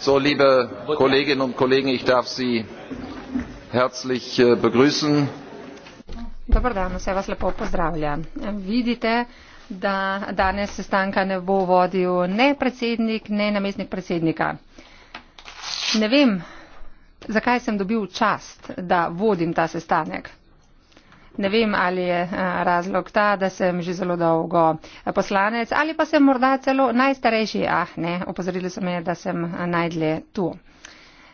so liebe kolleginnen und kollegen ich darf sie herzlich äh, begrüßen. dober dan vse vas lepo pozdravljam vidite da danes sestanka ne bo vodil ne predsednik ne namestnik predsednika ne vem zakaj sem dobil čast da vodim ta sestanek. Ne vem, ali je eh, razlog ta, da sem že zelo dolgo eh, poslanec, ali pa sem morda celo najstarejši. Ah, ne, opozorili so me, da sem eh, najdlje tu.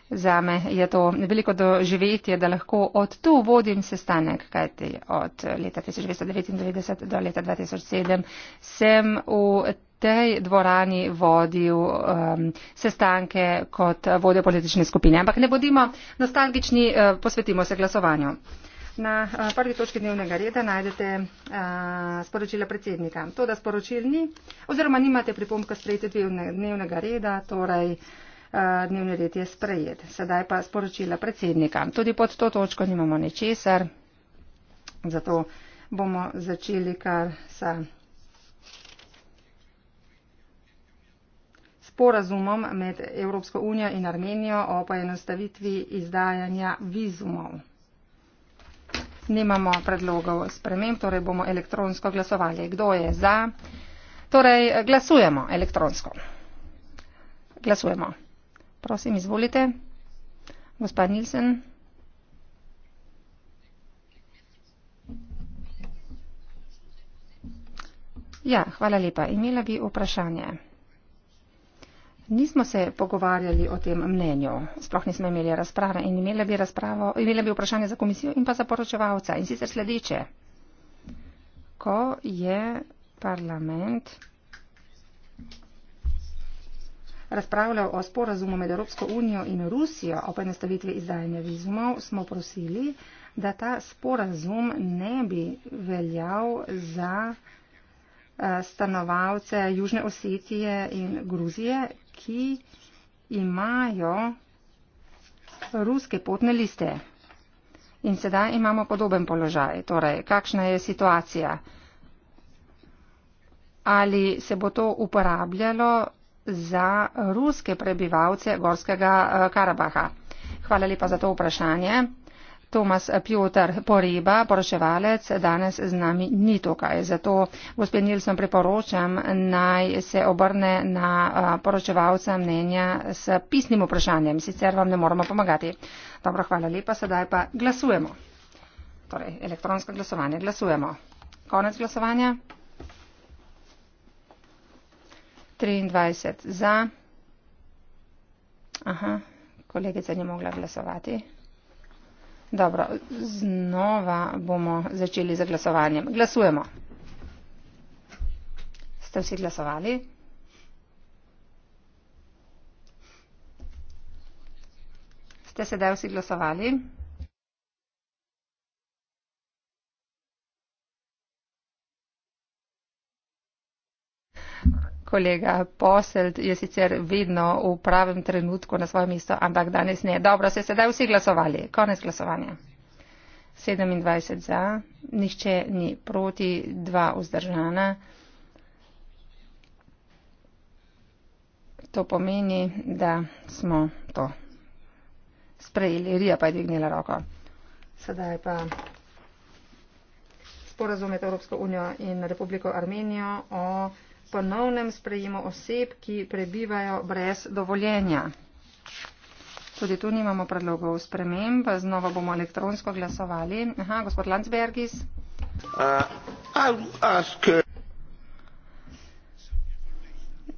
Zame je to veliko doživetje, da lahko od tu vodim sestanek, kajti od leta 1999 do leta 2007 sem v tej dvorani vodil um, sestanke kot vodjo politične skupine. Ampak ne bodimo nostalgični, uh, posvetimo se glasovanju. Na eh, prvi točki dnevnega reda najdete uh, sporočila predsednika. To, da sporočil ni, oziroma nimate pripomb k sprejeti dnevnega reda, torej uh, dnevni red je sprejet. Sedaj pa sporočila predsednika. Tudi pod to točko nimamo ničesar, zato bomo začeli kar s sporazumom med Evropsko unijo in Armenijo o poenostavitvi izdajanja vizumov nimamo predlogov sprememb, torej bomo elektronsko glasovali. Kdo je za? Torej, glasujemo elektronsko. Glasujemo. Prosim, izvolite. Gospa Nilsen. Ja, hvala lepa. Imela bi vprašanje. Nismo se pogovarjali o tem mnenju, sploh nismo imeli razprave in imela bi, razpravo, imela bi vprašanje za komisijo in pa za poročevalca. In sicer sledeče, ko je parlament razpravljal o sporazumu med Evropsko unijo in Rusijo o prenastavitvi izdajanja vizumov, smo prosili, da ta sporazum ne bi veljal za eh, stanovalce Južne Osetije in Gruzije, ki imajo ruske potne liste. In sedaj imamo podoben položaj. Torej, kakšna je situacija? Ali se bo to uporabljalo za ruske prebivalce Gorskega eh, Karabaha? Hvala lepa za to vprašanje. Tomas Piotr Poriba, poroševalec, danes z nami ni tukaj. Zato, gospod Nilsson, priporočam, naj se obrne na poroševalca mnenja s pisnim vprašanjem. Sicer vam ne moremo pomagati. Dobro, hvala lepa. Sedaj pa glasujemo. Torej, elektronsko glasovanje. Glasujemo. Konec glasovanja. 23 za. Aha, kolegica ni mogla glasovati. Dobro, znova bomo začeli z glasovanjem. Glasujemo. Ste vsi glasovali? Ste sedaj vsi glasovali? kolega Poselt je sicer vedno v pravem trenutku na svoje mesto, ampak danes ne. Dobro, se sedaj vsi glasovali. Konec glasovanja. 27 za, nišče ni proti, dva vzdržana. To pomeni, da smo to sprejeli. Rija pa je dvignila roko. Sedaj pa sporazum med Evropsko unijo in Republiko Armenijo o ponovnem sprejemu oseb, ki prebivajo brez dovoljenja. Tudi tu nimamo predlogov sprememb, znova bomo elektronsko glasovali. Aha, gospod Landsbergis. Uh, ask... Uh,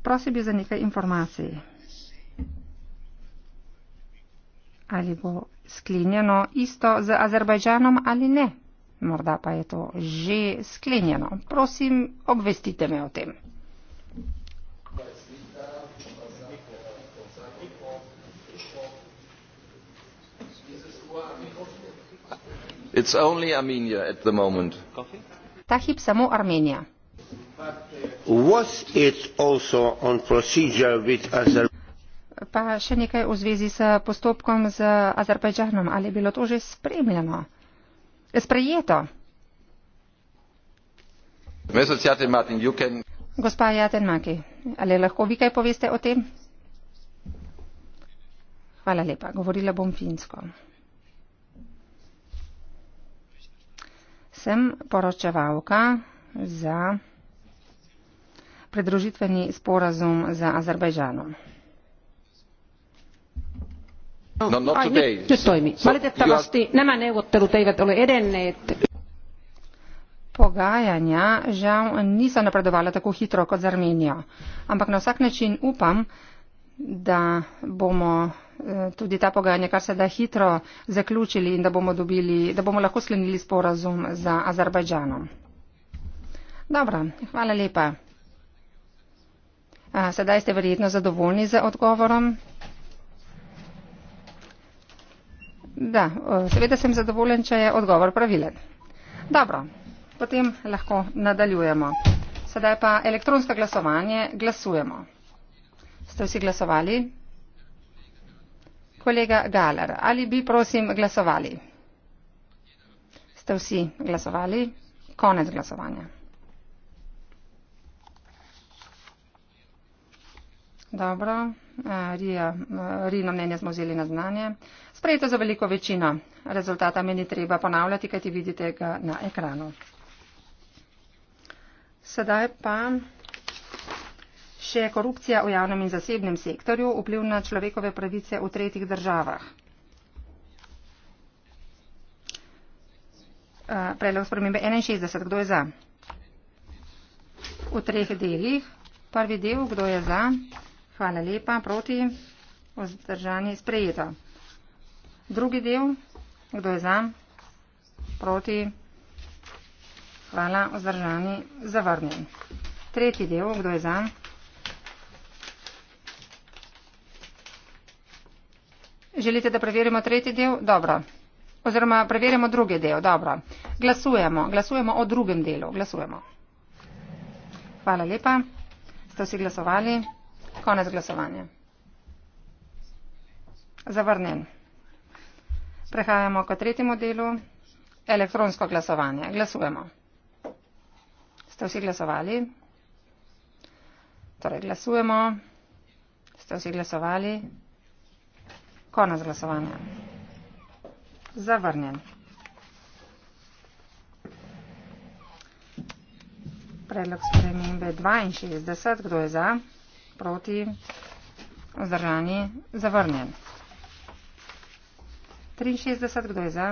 Prosim bi za nekaj informacij. Ali bo sklenjeno isto z Azerbajdžanom ali ne? Morda pa je to že sklenjeno. Prosim, obvestite me o tem. It's only Armenia at the moment. Ta hip samo Armenija. Was it also on procedure with Azer pa še nekaj v zvezi s postopkom z Azerbajdžanom. Ali je bilo to že spremljeno? Sprejeto? Mesociate Martin, you can... Gospa Jatenmaki, ali lahko vi kaj poveste o tem? Hvala lepa. Govorila bom finsko. Sem poročevalka za predružitveni sporazum za Azerbajžano. No, not today. Nyt, nyt toimii. So Valitettavasti are... nämä neuvottelut eivät ole edenneet pogajanja žal niso napredovala tako hitro kot z Armenijo. Ampak na vsak način upam, da bomo eh, tudi ta pogajanja kar se da hitro zaključili in da bomo, dobili, da bomo lahko sklenili sporazum z Azerbajdžanom. Dobro, hvala lepa. Sedaj ste verjetno zadovoljni z odgovorom. Da, seveda sem zadovoljen, če je odgovor pravilen. Dobro potem lahko nadaljujemo. Sedaj pa elektronsko glasovanje. Glasujemo. Ste vsi glasovali? Kolega Galer, ali bi prosim glasovali? Ste vsi glasovali? Konec glasovanja. Dobro, eh, Rija, eh, Rino mnenje smo vzeli na znanje. Sprejeto za veliko večino. Rezultata meni treba ponavljati, kaj ti vidite ga na ekranu. Sedaj pa še korupcija v javnem in zasebnem sektorju vpliv na človekove pravice v tretjih državah. Eh, predlog spremembe 61. Kdo je za? V treh delih. Prvi del, kdo je za? Hvala lepa. Proti? Vzdržanje sprejeto. Drugi del, kdo je za? Proti? Hvala, vzdržani, zavrnjen. Tretji del, kdo je za? Želite, da preverimo tretji del? Dobro. Oziroma, preverimo drugi del. Dobro. Glasujemo. Glasujemo o drugem delu. Glasujemo. Hvala lepa. Ste vsi glasovali? Konec glasovanja. Zavrnen. Prehajamo k tretjemu delu. Elektronsko glasovanje. Glasujemo. Ste vsi glasovali? Torej, glasujemo. Ste vsi glasovali? Konec glasovanja. Zavrnjen. Predlog spremembe 62. Kdo je za? Proti? Vzdržani? Zavrnjen. 63. Kdo je za?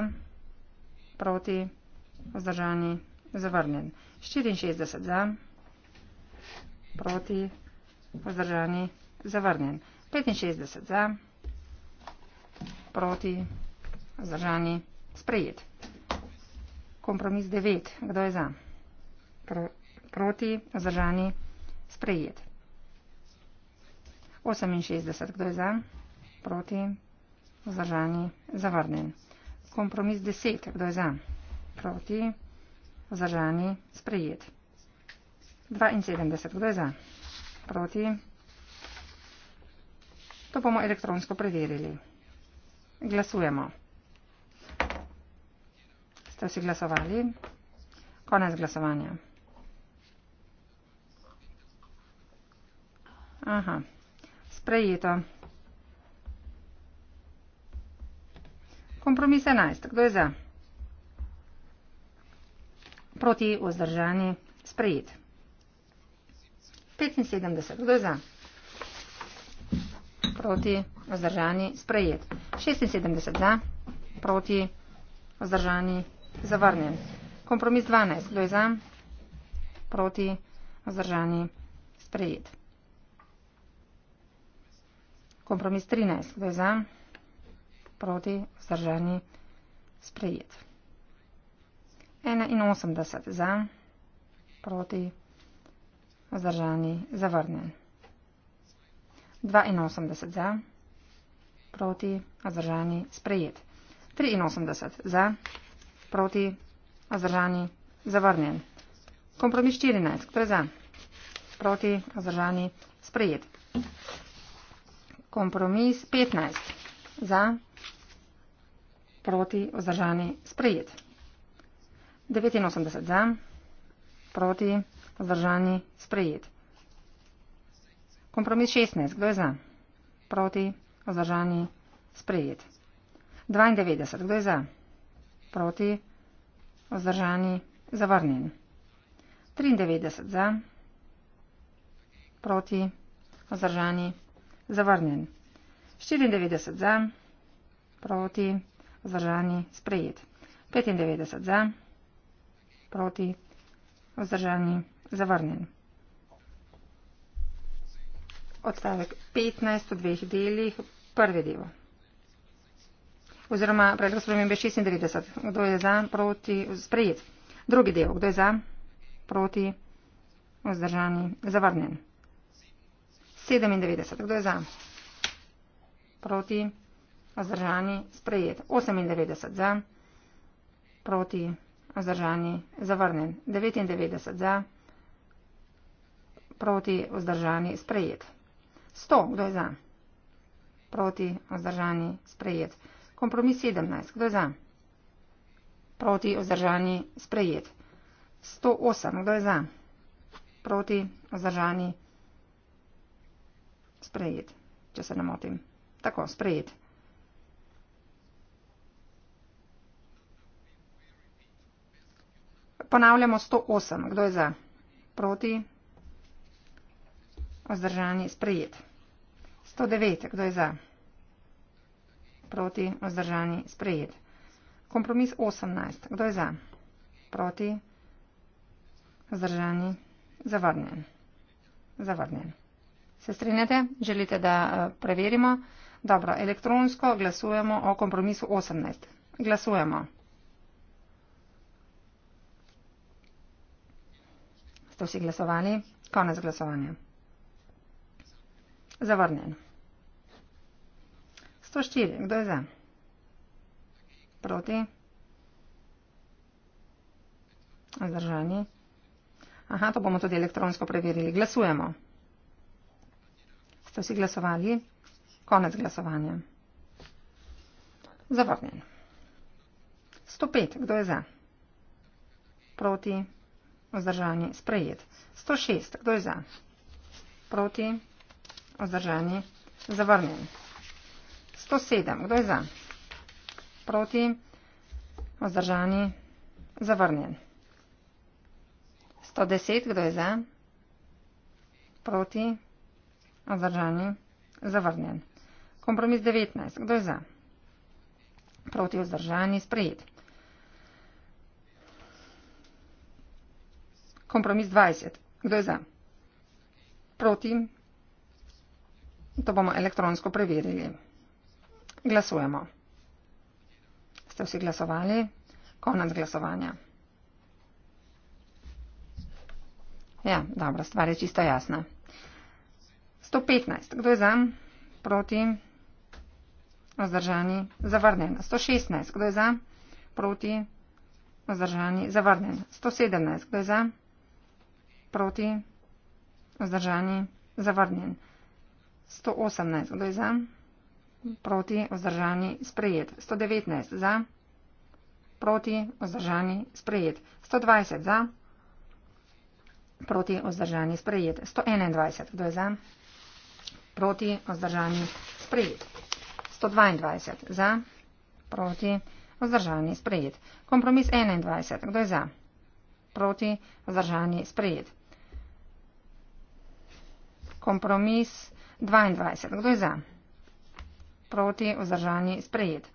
Proti? Vzdržani? Zavrnjen zavrnjen. 64 za, proti, vzdržani, zavrnjen. 65 za, proti, vzdržani, sprejet. Kompromis 9. Kdo je za? Pro, proti, vzdržani, sprejet. 68. Kdo je za? Proti, vzdržani, zavrnjen. Kompromis 10. Kdo je za? Proti, vzdržani, sprejet. Zdržani, sprejet. 72, kdo je za? Proti. To bomo elektronsko preverili. Glasujemo. Ste vsi glasovali? Konec glasovanja. Aha, sprejeto. Kompromis 11, kdo je za? Kdo je za? proti vzdržani sprejet. 75, kdo je za? Proti vzdržani sprejet. 76 za, proti vzdržani zavrnjen. Kompromis 12, kdo je za? Proti vzdržani sprejet. Kompromis 13, kdo je za? Proti vzdržani sprejet. 81 za, proti, vzdržani, zavrnjen. 82 za, proti, vzdržani, sprejet. 83 za, proti, vzdržani, zavrnjen. Kompromis 14, ktore za, proti, vzdržani, sprejet. Kompromis 15 za, proti, vzdržani, sprejet. 89 za, proti, vzdržani, sprejet. Kompromis 16, kdo je za? Proti, vzdržani, sprejet. 92, kdo je za? Proti, vzdržani, zavrnjen. 93 za, proti, vzdržani, zavrnjen. 94 za, proti, vzdržani, sprejet. 95 za, proti, vzdržani, sprejet proti vzdržani zavrnjen. Odstavek 15 v dveh delih, prvi del. Oziroma predlog spremembe 96. Kdo je za, proti, sprejet. Drugi del. Kdo je za, proti, vzdržani, zavrnjen. 97. Kdo je za, proti, vzdržani, sprejet. 98. Za, proti, vzdržani vzdržani, zavrnjen, 99 za, proti vzdržani, sprejet. 100, kdo je za? Proti vzdržani, sprejet. Kompromis 17, kdo je za? Proti vzdržani, sprejet. 108, kdo je za? Proti vzdržani, sprejet, če se ne motim. Tako, sprejet. ponavljamo 108. Kdo je za? Proti? Ozdržani? Sprejet. 109. Kdo je za? Proti? Ozdržani? Sprejet. Kompromis 18. Kdo je za? Proti? Ozdržani? Zavrnjen. Zavrnjen. Se strinjate? Želite, da eh, preverimo? Dobro, elektronsko glasujemo o kompromisu 18. Glasujemo. Ste vsi glasovali? Konec glasovanja. Zavrnjen. 104. Kdo je za? Proti? Zdržani? Aha, to bomo tudi elektronsko preverili. Glasujemo. Ste vsi glasovali? Konec glasovanja. Zavrnjen. 105. Kdo je za? Proti? Vzdržani. Sprejet. 106. Kdo je za? Proti. Vzdržani. Zavrnjen. 107. Kdo je za? Proti. Vzdržani. Zavrnjen. 110. Kdo je za? Proti. Vzdržani. Zavrnjen. Kompromis 19. Kdo je za? Proti. Vzdržani. Sprejet. kompromis 20. Kdo je za? Proti? To bomo elektronsko preverili. Glasujemo. Ste vsi glasovali? Konec glasovanja. Ja, dobro, stvar je čisto jasna. 115. Kdo je za? Proti? Vzdržani? Zavrnjena. 116. Kdo je za? Proti? Vzdržani? Zavrnjena. 117. Kdo je za? Proti? Proti. Vzdržani. Zavrnjen. 118. Kdo je za? Proti. Vzdržani. Sprejet. 119. Za. Proti. Vzdržani. Sprejet. 120. Za. Proti. Vzdržani. Sprejet. 121. Kdo je za? Proti. Vzdržani. Sprejet. 122. Za. Proti. Vzdržani. Sprejet. Kompromis 21. Kdo je za? Proti. Vzdržani. Sprejet kompromis 22. Kdo je za? Proti vzdržani sprejet.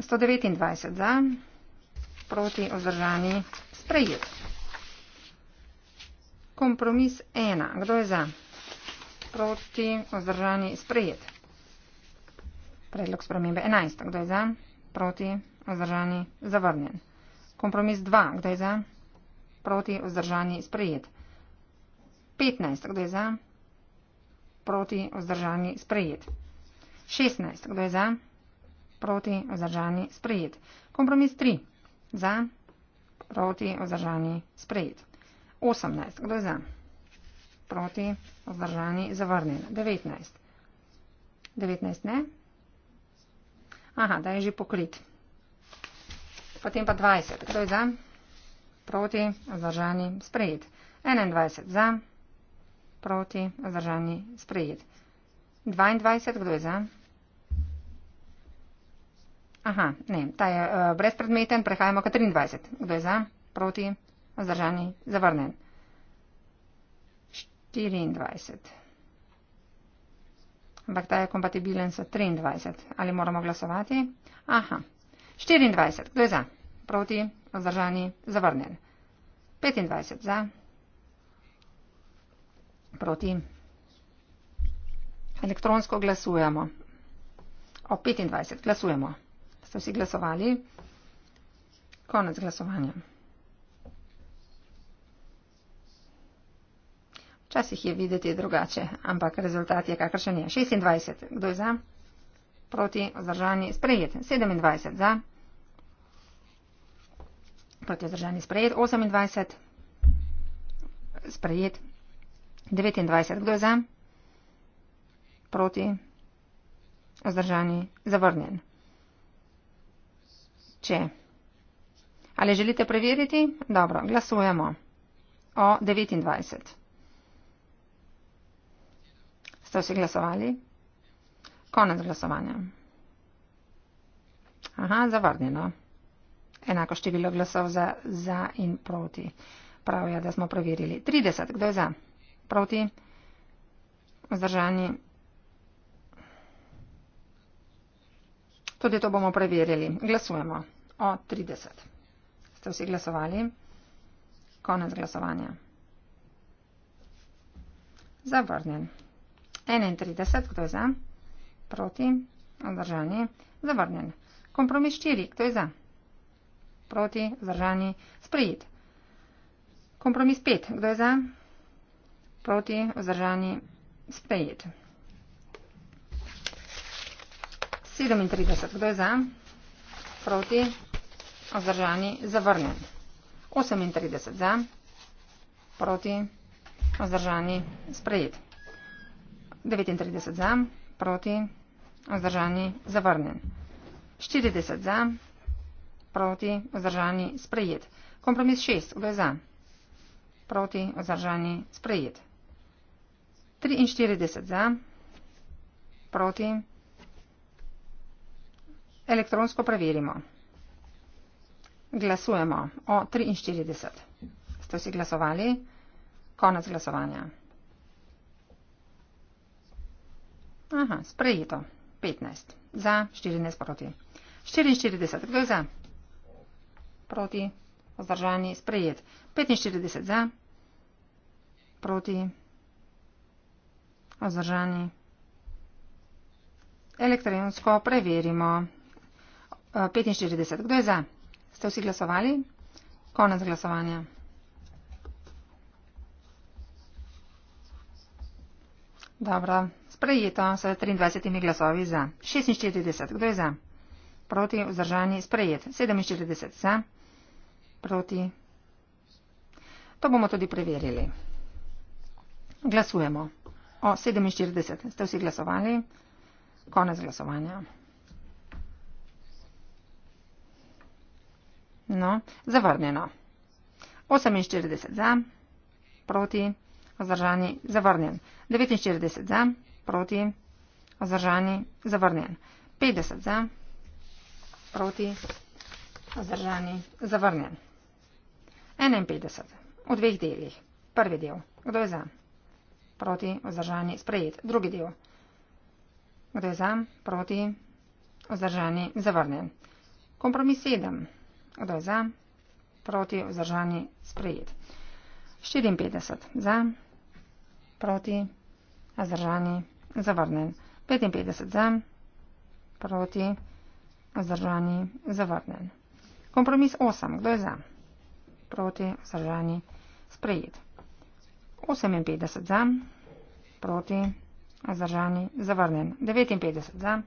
129 za, proti vzdržani sprejet. Kompromis 1. Kdo je za? Proti vzdržani sprejet. Predlog spremembe 11. Kdo je za? Proti vzdržani zavrnjen. Kompromis 2. Kdo je za? Proti vzdržani sprejet. 15, kdo je za? Proti, vzdržani, sprejet. 16, kdo je za? Proti, vzdržani, sprejet. Kompromis 3, za? Proti, vzdržani, sprejet. 18, kdo je za? Proti, vzdržani, zavrnjen. 19. 19 ne. Aha, da je že pokrit. Potem pa 20. Kdo je za? Proti, vzdržani, sprejet. 21 za, proti, zdržani, sprejet. 22, kdo je za? Aha, ne, ta je uh, brezpredmeten, prehajamo k 23. Kdo je za, proti, zdržani, zavrnen? 24. Ampak ta je kompatibilen s 23. Ali moramo glasovati? Aha, 24. Kdo je za, proti, zdržani, zavrnen? 25 za, proti. Elektronsko glasujemo. O 25 glasujemo. Ste vsi glasovali? Konec glasovanja. Včasih je videti drugače, ampak rezultat je kakršen je. 26. Kdo je za? Proti vzdržani sprejet. 27. Za? Proti vzdržani sprejet. 28. Sprejet. 29. Kdo je za? Proti? Ozdržani? Zavrnjen. Če. Ali želite preveriti? Dobro, glasujemo. O 29. Ste vsi glasovali? Konec glasovanja. Aha, zavrnjeno. Enako število glasov za, za in proti. Prav je, da smo preverili. 30. Kdo je za? proti vzdržani. Tudi to bomo preverili. Glasujemo o 30. Ste vsi glasovali? Konec glasovanja. Zavrnjen. 31. Kdo je za? Proti. Vzdržani. Zavrnjen. Kompromis 4. Kdo je za? Proti. Vzdržani. Sprejet. Kompromis 5. Kdo je za? proti, vzdržani, sprejet. 37, kdo je za, proti, vzdržani, zavrnjen. 38 za, proti, vzdržani, sprejet. 39 za, proti, vzdržani, zavrnjen. 40 za, proti, vzdržani, sprejet. Kompromis 6, kdo je za, proti, vzdržani, sprejet. 43 za, proti. Elektronsko preverimo. Glasujemo o 43. Ste vsi glasovali? Konec glasovanja. Aha, sprejeto. 15. Za, 14 proti. 44. Kdo je za? Proti. Ozdržani. Sprejet. 45 za. Proti vzdržani. Elektronsko preverimo. 45. Eh, Kdo je za? Ste vsi glasovali? Konec glasovanja. Dobro, sprejeto s 23 glasovi za. 46. Kdo je za? Proti vzdržani sprejet. 47 za. Proti. To bomo tudi preverili. Glasujemo. O 47. Ste vsi glasovali? Konec glasovanja. No, zavrnjeno. 48 za, proti, ozdržani, zavrnjen. 49 za, proti, ozdržani, zavrnjen. 50 za, proti, ozdržani, zavrnjen. 51. V dveh delih. Prvi del. Kdo je za? proti vzdržani sprejet. Drugi del. Kdo je za, proti, vzdržani zavrnjen. Kompromis 7. Kdo je za, proti, vzdržani sprejet. 54. Za, proti, vzdržani zavrnjen. 55. Za, proti, vzdržani zavrnjen. Kompromis 8. Kdo je za, proti, vzdržani sprejet. 58 za, proti, zdržani, zavrnen. 59 za.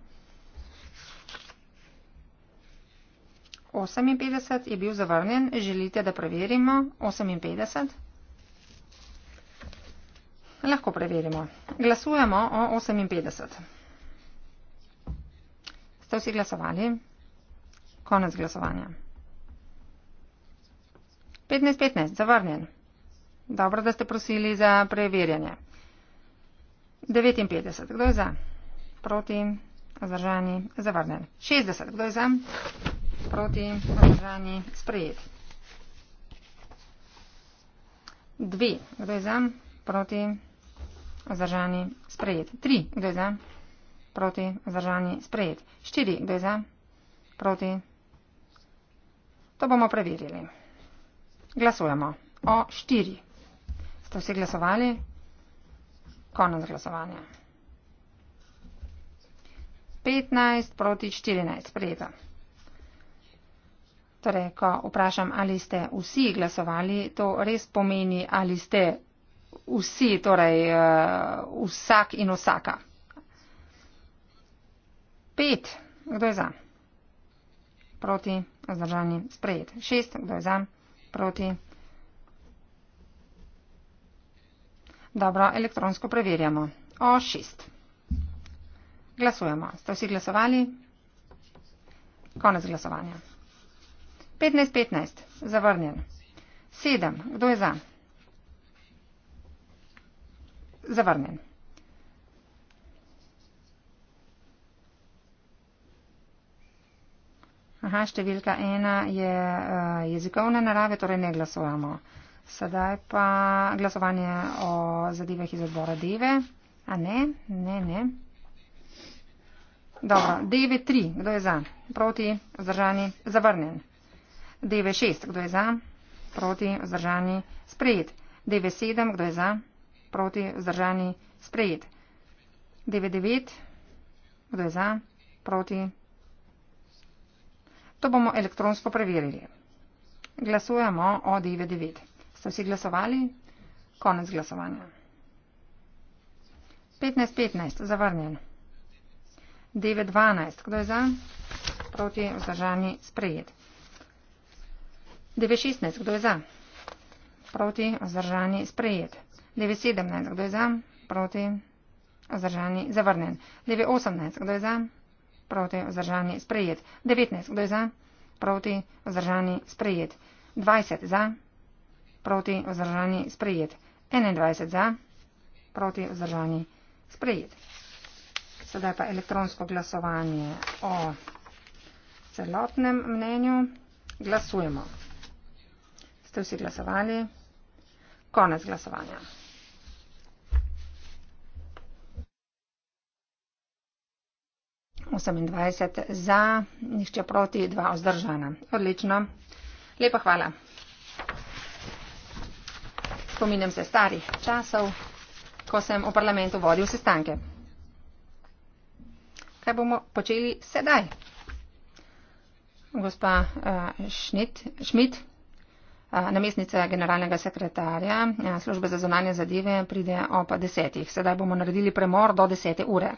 58 je bil zavrnen. Želite, da preverimo? 58. Lahko preverimo. Glasujemo o 58. Ste vsi glasovali? Konec glasovanja. 15-15, zavrnjen. Dobro, da ste prosili za preverjanje. 59. Kdo je za? Proti? Zdržani? Zavrnen. 60. Kdo je za? Proti? Zdržani? Sprejet. 2. Kdo je za? Proti? Zdržani? Sprejet. 3. Kdo je za? Proti? Zdržani? Sprejet. 4. Kdo je za? Proti? To bomo preverili. Glasujemo. O 4. Ste vsi glasovali? Konec glasovanja. 15 proti 14, sprejeta. Torej, ko vprašam, ali ste vsi glasovali, to res pomeni, ali ste vsi, torej eh, vsak in vsaka. 5, kdo je za? Proti, zdržani, sprejet. 6, kdo je za? Proti. Dobro, elektronsko preverjamo. O šest. Glasujemo. Ste vsi glasovali? Konec glasovanja. 15-15. Zavrnjen. 7. Kdo je za? Zavrnjen. 1. Številka 1 je uh, jezikovne narave, torej ne glasujemo. Sedaj pa glasovanje o zadevah iz odbora Deve. A ne, ne, ne. Dobro, Deve 3, kdo je za? Proti, vzdržani, zavrnjen. Deve 6, kdo je za? Proti, vzdržani, sprejet. Deve 7, kdo je za? Proti, vzdržani, sprejet. Deve 9, kdo je za? Proti. To bomo elektronsko preverili. Glasujemo o DV9. Ste vsi glasovali? Konec glasovanja. 15.15. Zavrnjen. 9.12. Kdo je za? Proti vzdržani sprejet. 9.16. Kdo je za? Proti vzdržani sprejet. 9.17. Kdo je za? Proti vzdržani zavrnjen. 9.18. Kdo je za? Proti vzdržani sprejet. 19. Kdo je za? Proti vzdržani sprejet. 20. Za proti vzdržani sprejet. 21 za, proti vzdržani sprejet. Sedaj pa elektronsko glasovanje o celotnem mnenju. Glasujemo. Ste vsi glasovali? Konec glasovanja. Osemindvajset za, nišče proti, dva ozdržana. Odlično. Lepa hvala spominjam se starih časov, ko sem v parlamentu vodil sestanke. Kaj bomo počeli sedaj? Gospa uh, Schnitt, Schmidt, uh, namestnica generalnega sekretarja uh, službe za zonanje zadeve, pride ob desetih. Sedaj bomo naredili premor do desete ure.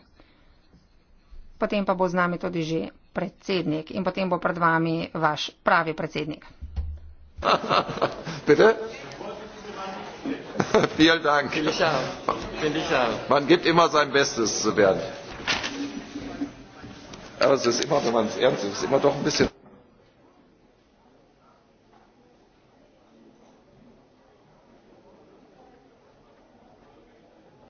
Potem pa bo z nami tudi že predsednik in potem bo pred vami vaš pravi predsednik. 哈哈哈，对对。Vielen Dank. Bin ich ja. Bin ich ja. Man gibt immer sein Bestes zu werden. Aber es ist immer, wenn man es ernst ist, ist immer doch ein bisschen.